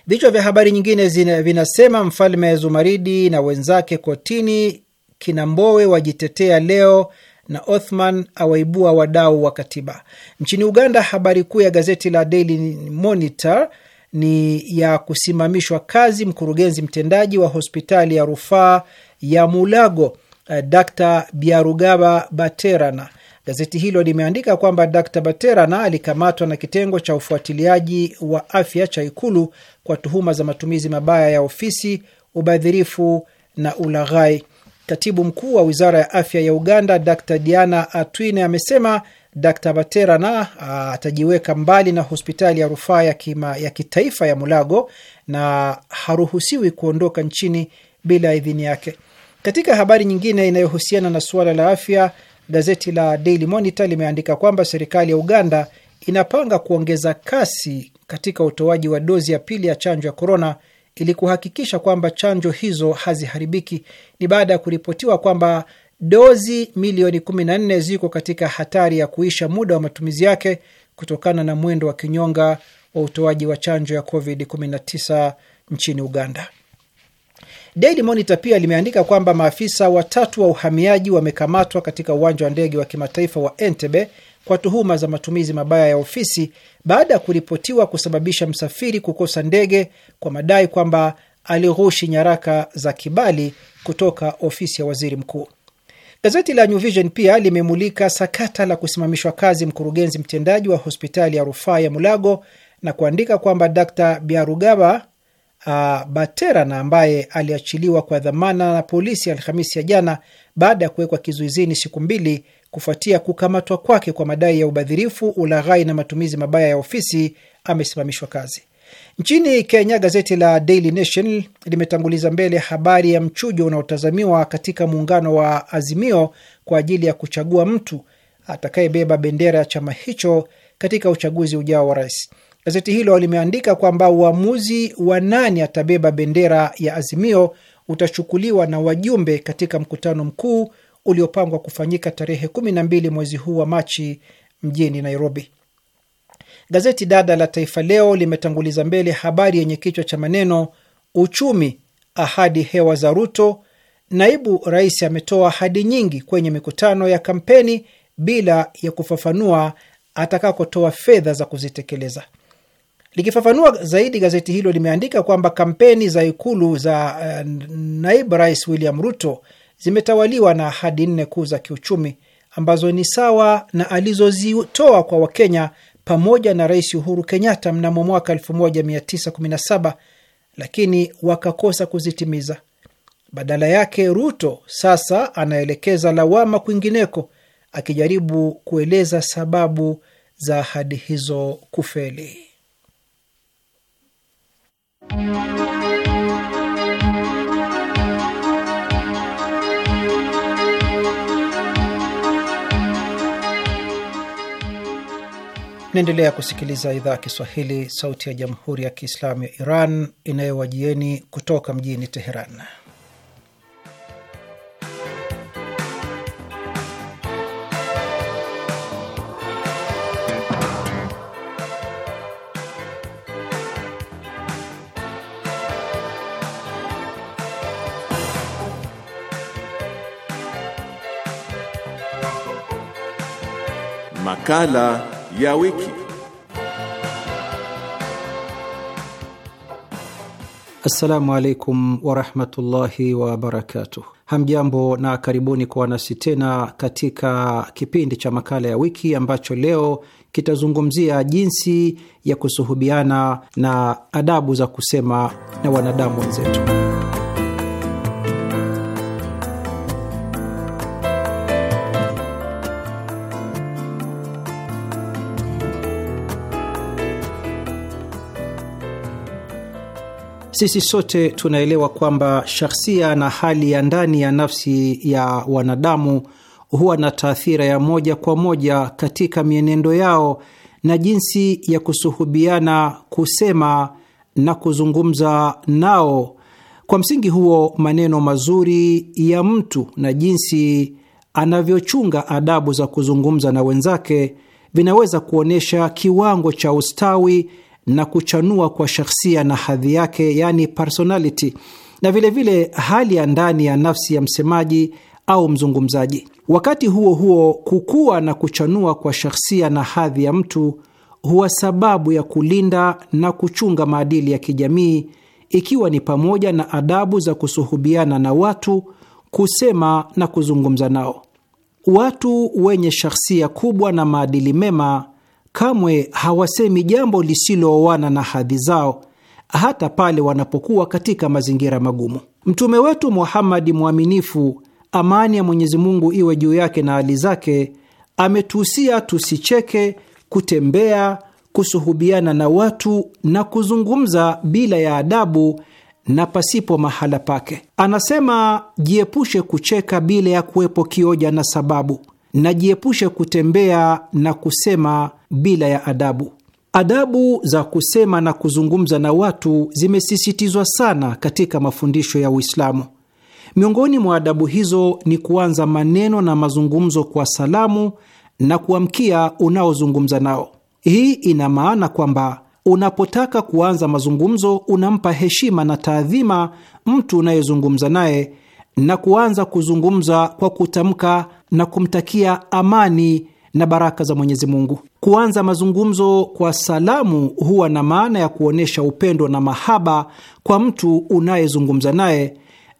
Vichwa vya habari nyingine zina, vinasema mfalme Zumaridi na wenzake kotini, Kinambowe wajitetea leo na Othman awaibua wadau wa katiba nchini Uganda. Habari kuu ya gazeti la Daily Monitor ni ya kusimamishwa kazi mkurugenzi mtendaji wa hospitali ya rufaa ya Mulago, eh, Dr Biarugaba Baterana. Gazeti hilo limeandika kwamba Dr Baterana alikamatwa na kitengo cha ufuatiliaji wa afya cha Ikulu kwa tuhuma za matumizi mabaya ya ofisi, ubadhirifu na ulaghai. Katibu mkuu wa wizara ya afya ya Uganda Dr Diana Atwine amesema Dr Baterana atajiweka mbali na hospitali ya rufaa ya, ya kitaifa ya Mulago na haruhusiwi kuondoka nchini bila idhini yake. Katika habari nyingine inayohusiana na suala la afya, gazeti la Daily Monitor limeandika kwamba serikali ya Uganda inapanga kuongeza kasi katika utoaji wa dozi ya pili ya chanjo ya korona ili kuhakikisha kwamba chanjo hizo haziharibiki. Ni baada ya kuripotiwa kwamba dozi milioni 14 ziko katika hatari ya kuisha muda wa matumizi yake kutokana na mwendo wa kinyonga wa utoaji wa chanjo ya COVID-19 nchini Uganda. Daily Monitor pia limeandika kwamba maafisa watatu wa uhamiaji wamekamatwa katika uwanja wa ndege wa kimataifa wa Entebbe kwa tuhuma za matumizi mabaya ya ofisi baada ya kuripotiwa kusababisha msafiri kukosa ndege kwa madai kwamba alighushi nyaraka za kibali kutoka ofisi ya waziri mkuu. Gazeti la New Vision pia limemulika sakata la kusimamishwa kazi mkurugenzi mtendaji wa hospitali ya rufaa ya Mulago na kuandika kwamba d Biarugaba uh, ah, Baterana ambaye aliachiliwa kwa dhamana na polisi Alhamisi ya jana baada ya kuwekwa kizuizini siku mbili kufuatia kukamatwa kwake kwa madai ya ubadhirifu, ulaghai na matumizi mabaya ya ofisi, amesimamishwa kazi. Nchini Kenya, gazeti la Daily Nation limetanguliza mbele habari ya mchujo unaotazamiwa katika muungano wa Azimio kwa ajili ya kuchagua mtu atakayebeba bendera ya chama hicho katika uchaguzi ujao wa rais. Gazeti hilo limeandika kwamba uamuzi wa nani atabeba bendera ya Azimio utachukuliwa na wajumbe katika mkutano mkuu uliopangwa kufanyika tarehe 12 mwezi huu wa Machi mjini Nairobi. Gazeti dada la Taifa Leo limetanguliza mbele habari yenye kichwa cha maneno uchumi ahadi hewa za Ruto, naibu rais ametoa ahadi nyingi kwenye mikutano ya kampeni bila ya kufafanua atakakotoa fedha za kuzitekeleza. Likifafanua zaidi, gazeti hilo limeandika kwamba kampeni za ikulu za eh, naibu rais William Ruto zimetawaliwa na ahadi nne kuu za kiuchumi ambazo ni sawa na alizozitoa kwa Wakenya pamoja na Rais Uhuru Kenyatta mnamo mwaka 1917 lakini wakakosa kuzitimiza. Badala yake, Ruto sasa anaelekeza lawama kwingineko, akijaribu kueleza sababu za ahadi hizo kufeli. Naendelea kusikiliza idhaa ya Kiswahili, sauti ya jamhuri ya kiislamu ya Iran inayowajieni kutoka mjini Teheran. Makala ya wiki. Assalamu alaikum warahmatullahi wabarakatuh. Hamjambo na karibuni kwa wanasi tena katika kipindi cha makala ya wiki ambacho leo kitazungumzia jinsi ya kusuhubiana na adabu za kusema na wanadamu wenzetu. Sisi sote tunaelewa kwamba shahsia na hali ya ndani ya nafsi ya wanadamu huwa na taathira ya moja kwa moja katika mienendo yao na jinsi ya kusuhubiana, kusema na kuzungumza nao. Kwa msingi huo, maneno mazuri ya mtu na jinsi anavyochunga adabu za kuzungumza na wenzake vinaweza kuonyesha kiwango cha ustawi na kuchanua kwa shakhsia na hadhi yake, yani personality, na vilevile vile hali ya ndani ya nafsi ya msemaji au mzungumzaji. Wakati huo huo, kukua na kuchanua kwa shakhsia na hadhi ya mtu huwa sababu ya kulinda na kuchunga maadili ya kijamii, ikiwa ni pamoja na adabu za kusuhubiana na watu, kusema na kuzungumza nao. Watu wenye shakhsia kubwa na maadili mema Kamwe hawasemi jambo lisilooana na hadhi zao, hata pale wanapokuwa katika mazingira magumu. Mtume wetu Muhammadi mwaminifu, amani ya Mwenyezi Mungu iwe juu yake na hali zake, ametuhusia tusicheke, kutembea, kusuhubiana na watu na kuzungumza bila ya adabu na pasipo mahala pake. Anasema, jiepushe kucheka bila ya kuwepo kioja na sababu, najiepusha kutembea na kusema bila ya adabu. Adabu za kusema na kuzungumza na watu zimesisitizwa sana katika mafundisho ya Uislamu. Miongoni mwa adabu hizo ni kuanza maneno na mazungumzo kwa salamu na kuamkia unaozungumza nao. Hii ina maana kwamba unapotaka kuanza mazungumzo, unampa heshima na taadhima mtu unayezungumza naye na kuanza kuzungumza kwa kutamka na kumtakia amani na baraka za Mwenyezi Mungu. Kuanza mazungumzo kwa salamu huwa na maana ya kuonyesha upendo na mahaba kwa mtu unayezungumza naye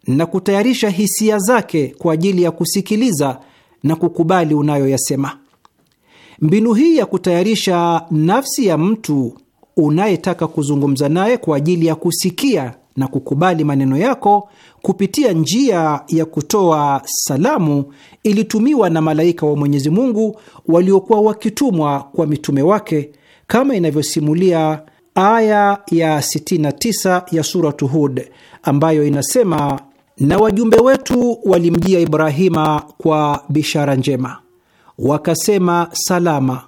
na kutayarisha hisia zake kwa ajili ya kusikiliza na kukubali unayoyasema. Mbinu hii ya kutayarisha nafsi ya mtu unayetaka kuzungumza naye kwa ajili ya kusikia na kukubali maneno yako kupitia njia ya kutoa salamu ilitumiwa na malaika wa Mwenyezi Mungu waliokuwa wakitumwa kwa mitume wake kama inavyosimulia aya ya 69 ya suratu Hud ambayo inasema, na wajumbe wetu walimjia Ibrahima kwa bishara njema, wakasema salama,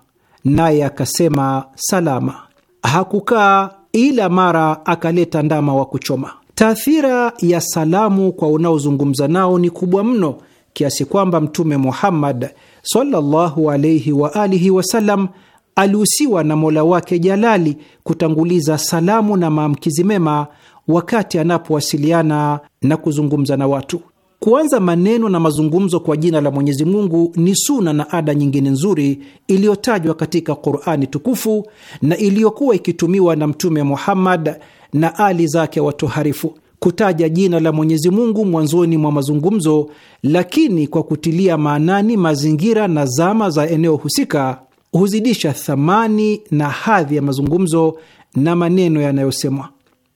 naye akasema salama. Hakukaa ila mara akaleta ndama wa kuchoma. Taathira ya salamu kwa unaozungumza nao ni kubwa mno kiasi kwamba Mtume Muhammad sallallahu alaihi wa alihi wasallam alihusiwa na Mola wake jalali kutanguliza salamu na maamkizi mema wakati anapowasiliana na kuzungumza na watu. Kuanza maneno na mazungumzo kwa jina la Mwenyezi Mungu ni suna na ada nyingine nzuri iliyotajwa katika Qurani tukufu na iliyokuwa ikitumiwa na Mtume Muhammad na ali zake watoharifu. Kutaja jina la Mwenyezi Mungu mwanzoni mwa mazungumzo, lakini kwa kutilia maanani mazingira na zama za eneo husika, huzidisha thamani na hadhi ya mazungumzo na maneno yanayosemwa.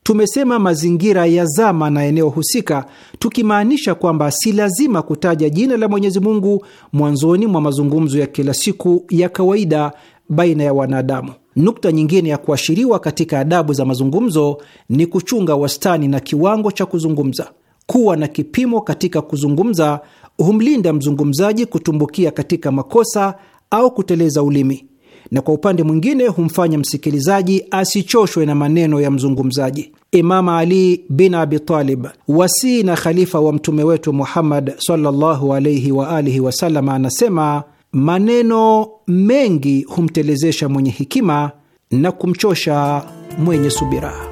Tumesema mazingira ya zama na eneo husika, tukimaanisha kwamba si lazima kutaja jina la Mwenyezi Mungu mwanzoni mwa mazungumzo ya kila siku ya kawaida baina ya wanadamu. Nukta nyingine ya kuashiriwa katika adabu za mazungumzo ni kuchunga wastani na kiwango cha kuzungumza. Kuwa na kipimo katika kuzungumza humlinda mzungumzaji kutumbukia katika makosa au kuteleza ulimi na kwa upande mwingine humfanya msikilizaji asichoshwe na maneno ya mzungumzaji. Imama Ali bin Abi Talib, wasii na khalifa wa mtume wetu Muhammad sallallahu alayhi wa alihi wasallam, anasema maneno mengi humtelezesha mwenye hikima na kumchosha mwenye subira.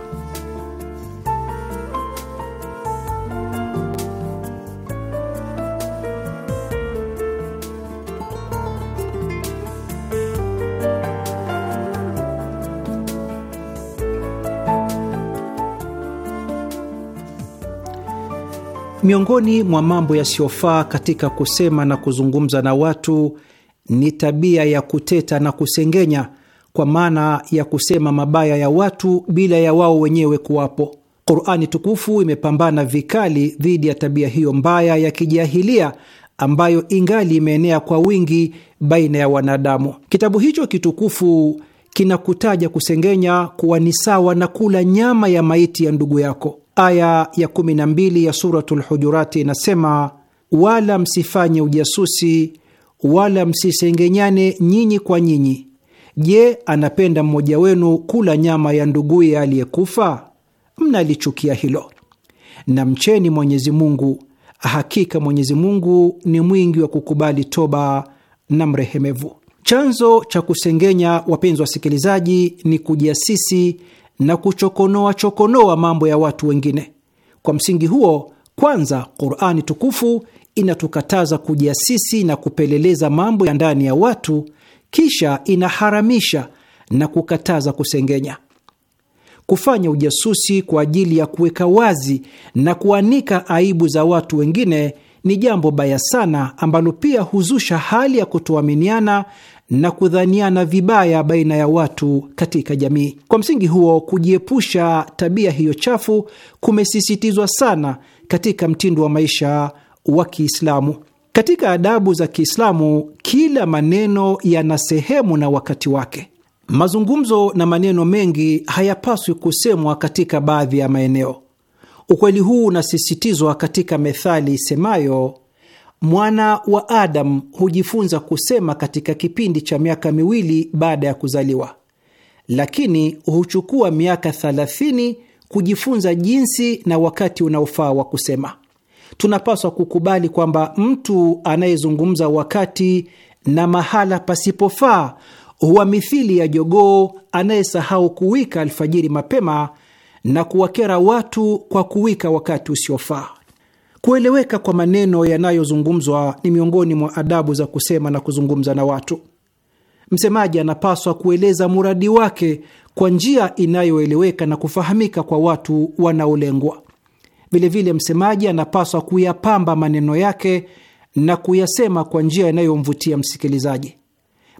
Miongoni mwa mambo yasiyofaa katika kusema na kuzungumza na watu ni tabia ya kuteta na kusengenya, kwa maana ya kusema mabaya ya watu bila ya wao wenyewe kuwapo. Qurani tukufu imepambana vikali dhidi ya tabia hiyo mbaya ya kijahilia ambayo ingali imeenea kwa wingi baina ya wanadamu. Kitabu hicho kitukufu kinakutaja kusengenya kuwa ni sawa na kula nyama ya maiti ya ndugu yako. Aya ya 12 ya Suratul Hujurati inasema, wala msifanye ujasusi wala msisengenyane nyinyi kwa nyinyi. Je, anapenda mmoja wenu kula nyama ya nduguye aliyekufa? Mnalichukia hilo. Na mcheni Mwenyezi Mungu, hakika Mwenyezi Mungu ni mwingi wa kukubali toba na mrehemevu. Chanzo cha kusengenya, wapenzi wasikilizaji, ni kujiasisi na kuchokonoa chokonoa mambo ya watu wengine. Kwa msingi huo, kwanza, Qur'ani tukufu inatukataza kujiasisi na kupeleleza mambo ya ndani ya watu, kisha inaharamisha na kukataza kusengenya, kufanya ujasusi kwa ajili ya kuweka wazi na kuanika aibu za watu wengine ni jambo baya sana ambalo pia huzusha hali ya kutoaminiana na kudhaniana vibaya baina ya watu katika jamii. Kwa msingi huo, kujiepusha tabia hiyo chafu kumesisitizwa sana katika mtindo wa maisha wa Kiislamu. Katika adabu za Kiislamu, kila maneno yana sehemu na wakati wake. Mazungumzo na maneno mengi hayapaswi kusemwa katika baadhi ya maeneo. Ukweli huu unasisitizwa katika methali isemayo mwana wa Adamu hujifunza kusema katika kipindi cha miaka miwili baada ya kuzaliwa, lakini huchukua miaka 30 kujifunza jinsi na wakati unaofaa wa kusema. Tunapaswa kukubali kwamba mtu anayezungumza wakati na mahala pasipofaa huwa mithili ya jogoo anayesahau kuwika alfajiri mapema na kuwakera watu kwa kuwika wakati usiofaa. Kueleweka kwa maneno yanayozungumzwa ni miongoni mwa adabu za kusema na kuzungumza na watu. Msemaji anapaswa kueleza muradi wake kwa njia inayoeleweka na kufahamika kwa watu wanaolengwa. Vilevile, msemaji anapaswa kuyapamba maneno yake na kuyasema kwa njia inayomvutia msikilizaji.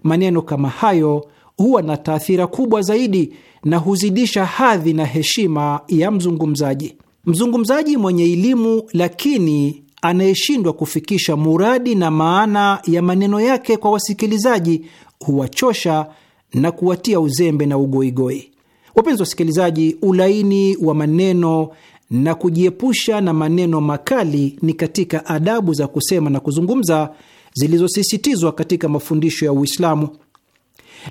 Maneno kama hayo huwa na taathira kubwa zaidi na huzidisha hadhi na heshima ya mzungumzaji. Mzungumzaji mwenye elimu lakini anayeshindwa kufikisha muradi na maana ya maneno yake kwa wasikilizaji huwachosha na kuwatia uzembe na ugoigoi. Wapenzi wasikilizaji, ulaini wa maneno na kujiepusha na maneno makali ni katika adabu za kusema na kuzungumza zilizosisitizwa katika mafundisho ya Uislamu.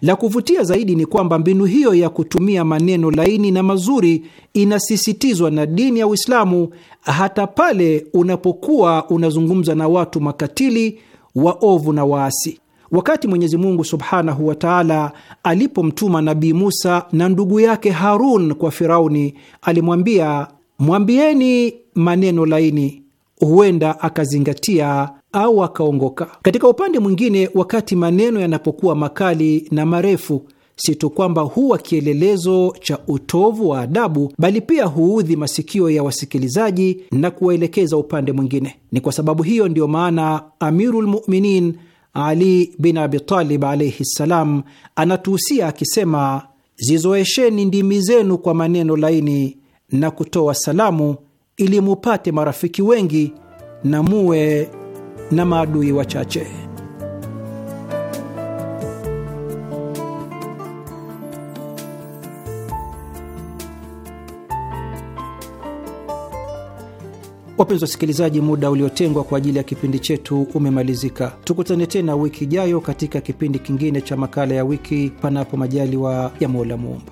La kuvutia zaidi ni kwamba mbinu hiyo ya kutumia maneno laini na mazuri inasisitizwa na dini ya Uislamu hata pale unapokuwa unazungumza na watu makatili, waovu na waasi. Wakati Mwenyezi Mungu subhanahu wa taala alipomtuma Nabii Musa na ndugu yake Harun kwa Firauni, alimwambia mwambieni maneno laini, huenda akazingatia au akaongoka. Katika upande mwingine, wakati maneno yanapokuwa makali na marefu, si tu kwamba huwa kielelezo cha utovu wa adabu, bali pia huudhi masikio ya wasikilizaji na kuwaelekeza upande mwingine. Ni kwa sababu hiyo ndiyo maana amirulmuminin Ali bin Abitalib alaihi ssalam anatuhusia akisema, zizoesheni ndimi zenu kwa maneno laini na kutoa salamu ili mupate marafiki wengi na muwe na maadui wachache. Wapenzi wasikilizaji, muda uliotengwa kwa ajili ya kipindi chetu umemalizika. Tukutane tena wiki ijayo katika kipindi kingine cha makala ya wiki, panapo majaliwa ya Mola Muumba.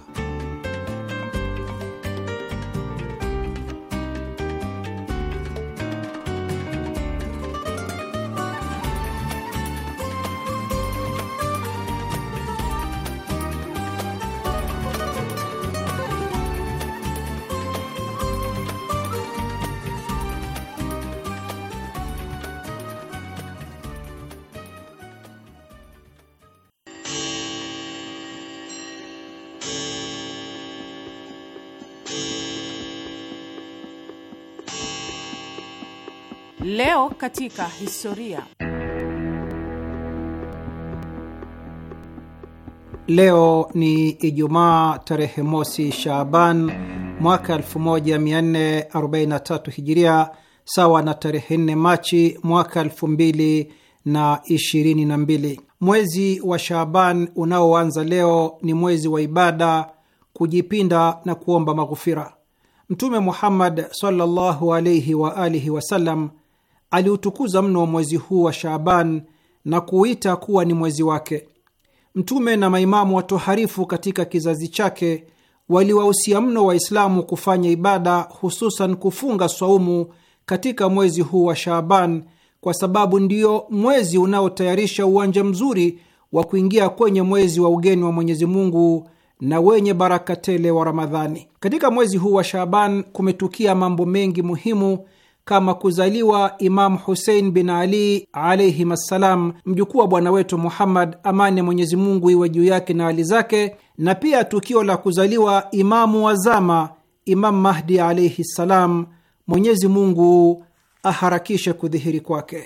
Leo katika historia. Leo ni Ijumaa tarehe mosi Shaaban mwaka 1443 Hijiria, sawa na tarehe 4 Machi mwaka 2022. Mwezi wa Shaaban unaoanza leo ni mwezi wa ibada, kujipinda na kuomba maghufira. Mtume Muhammad sallallahu alaihi wa alihi wasallam aliutukuza mno mwezi huu wa Shaaban na kuuita kuwa ni mwezi wake. Mtume na maimamu watoharifu katika kizazi chake waliwahusia mno Waislamu kufanya ibada, hususan kufunga swaumu katika mwezi huu wa Shaaban kwa sababu ndio mwezi unaotayarisha uwanja mzuri wa kuingia kwenye mwezi wa ugeni wa Mwenyezi Mungu na wenye baraka tele wa Ramadhani. Katika mwezi huu wa Shaaban kumetukia mambo mengi muhimu kama kuzaliwa Imamu Husein bin Ali alaihim assalam, mjukuu wa bwana wetu Muhammad, amani ya Mwenyezi Mungu iwe juu yake na hali zake, na pia tukio la kuzaliwa Imamu wazama Imamu Mahdi alaihi ssalam, Mwenyezi Mungu aharakishe kudhihiri kwake.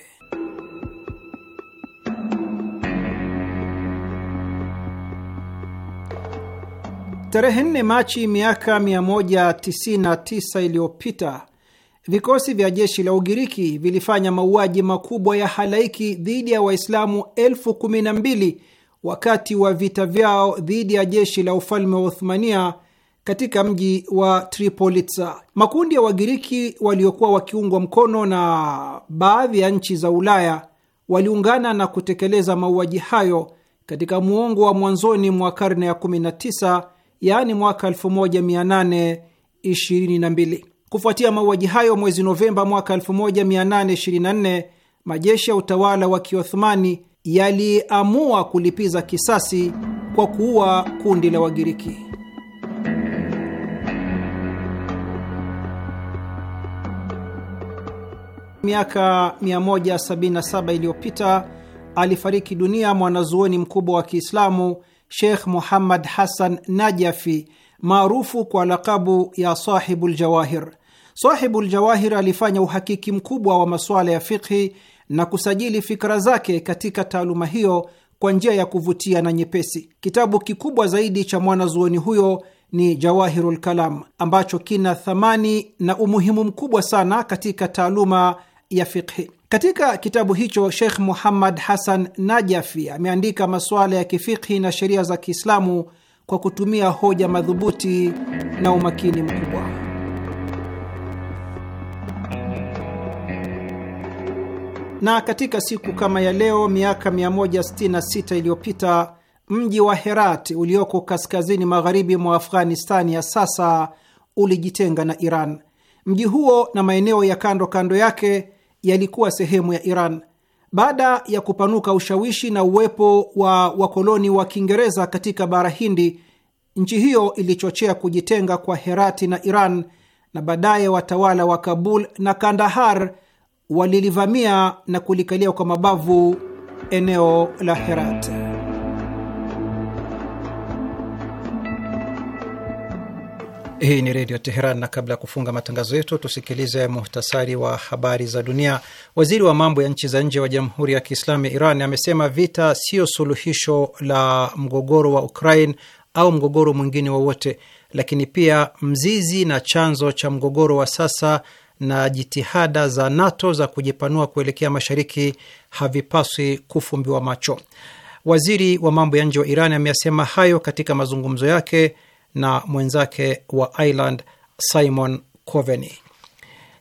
Tarehe 4 Machi miaka 199 iliyopita Vikosi vya jeshi la Ugiriki vilifanya mauaji makubwa ya halaiki dhidi ya Waislamu elfu kumi na mbili wakati wa vita vyao dhidi ya jeshi la ufalme wa Uthmania katika mji wa Tripolitsa. Makundi ya Wagiriki waliokuwa wakiungwa mkono na baadhi ya nchi za Ulaya waliungana na kutekeleza mauaji hayo katika muongo wa mwanzoni mwa karne ya 19, yaani mwaka 1822. Kufuatia mauaji hayo mwezi Novemba mwaka 1824, majeshi ya utawala wa Kiothmani yaliamua kulipiza kisasi kwa kuua kundi la Wagiriki. Miaka 177 iliyopita alifariki dunia mwanazuoni mkubwa wa Kiislamu Sheikh Muhammad Hassan Najafi maarufu kwa lakabu ya Sahibu Ljawahir. Sahibu Ljawahir alifanya uhakiki mkubwa wa masuala ya fikhi na kusajili fikra zake katika taaluma hiyo kwa njia ya kuvutia na nyepesi. Kitabu kikubwa zaidi cha mwanazuoni huyo ni Jawahiru Lkalam, ambacho kina thamani na umuhimu mkubwa sana katika taaluma ya fikhi. Katika kitabu hicho Sheikh Muhammad Hasan Najafi ameandika masuala ya kifikhi na sheria za Kiislamu kwa kutumia hoja madhubuti na umakini mkubwa. Na katika siku kama ya leo miaka 166 iliyopita mji wa Herat ulioko kaskazini magharibi mwa Afghanistani ya sasa ulijitenga na Iran. Mji huo na maeneo ya kando kando yake yalikuwa sehemu ya Iran. Baada ya kupanuka ushawishi na uwepo wa wakoloni wa Kiingereza katika bara Hindi, nchi hiyo ilichochea kujitenga kwa Herati na Iran, na baadaye watawala wa Kabul na Kandahar walilivamia na kulikalia kwa mabavu eneo la herati Hii ni Redio Teheran, na kabla ya kufunga matangazo yetu tusikilize muhtasari wa habari za dunia. Waziri wa mambo ya nchi za nje wa Jamhuri ya Kiislamu ya Iran amesema vita siyo suluhisho la mgogoro wa Ukraine au mgogoro mwingine wowote, lakini pia mzizi na chanzo cha mgogoro wa sasa na jitihada za NATO za kujipanua kuelekea mashariki havipaswi kufumbiwa macho. Waziri wa mambo ya nje wa Iran ameyasema hayo katika mazungumzo yake na mwenzake wa Ireland Simon Coveney.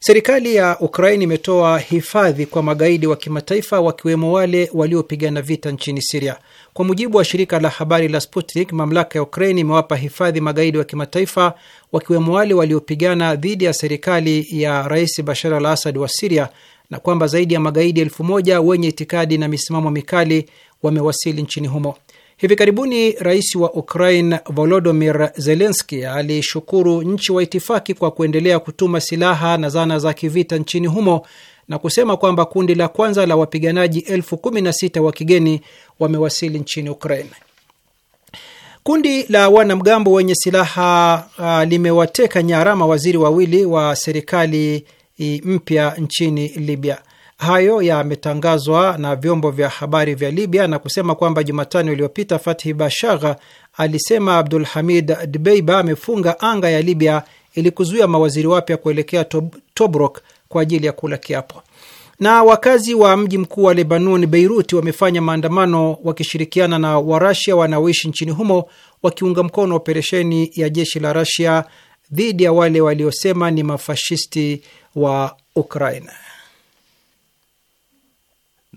Serikali ya ukrain imetoa hifadhi kwa magaidi wa kimataifa wakiwemo wale waliopigana vita nchini Siria. Kwa mujibu wa shirika la habari la Sputnik, mamlaka ya ukrain imewapa hifadhi magaidi wa kimataifa wakiwemo wale waliopigana dhidi ya serikali ya Rais Bashar al Assad wa Siria, na kwamba zaidi ya magaidi elfu moja wenye itikadi na misimamo mikali wamewasili nchini humo. Hivi karibuni rais wa Ukraine Volodymyr Zelensky alishukuru nchi wa itifaki kwa kuendelea kutuma silaha na zana za kivita nchini humo na kusema kwamba kundi la kwanza la wapiganaji elfu kumi na sita wa kigeni wamewasili nchini Ukraine. Kundi la wanamgambo wenye silaha uh, limewateka nyara mawaziri wawili wa serikali mpya nchini Libya. Hayo yametangazwa na vyombo vya habari vya Libya na kusema kwamba Jumatano iliyopita Fathi Bashagha alisema Abdul Hamid Dbeiba amefunga anga ya Libya ili kuzuia mawaziri wapya kuelekea Tob Tobruk kwa ajili ya kula kiapo. Na wakazi wa mji mkuu wa Lebanon, Beiruti, wamefanya maandamano wakishirikiana na Warasia wanaoishi nchini humo wakiunga mkono operesheni ya jeshi la Rasia dhidi ya wale waliosema ni mafashisti wa Ukraina.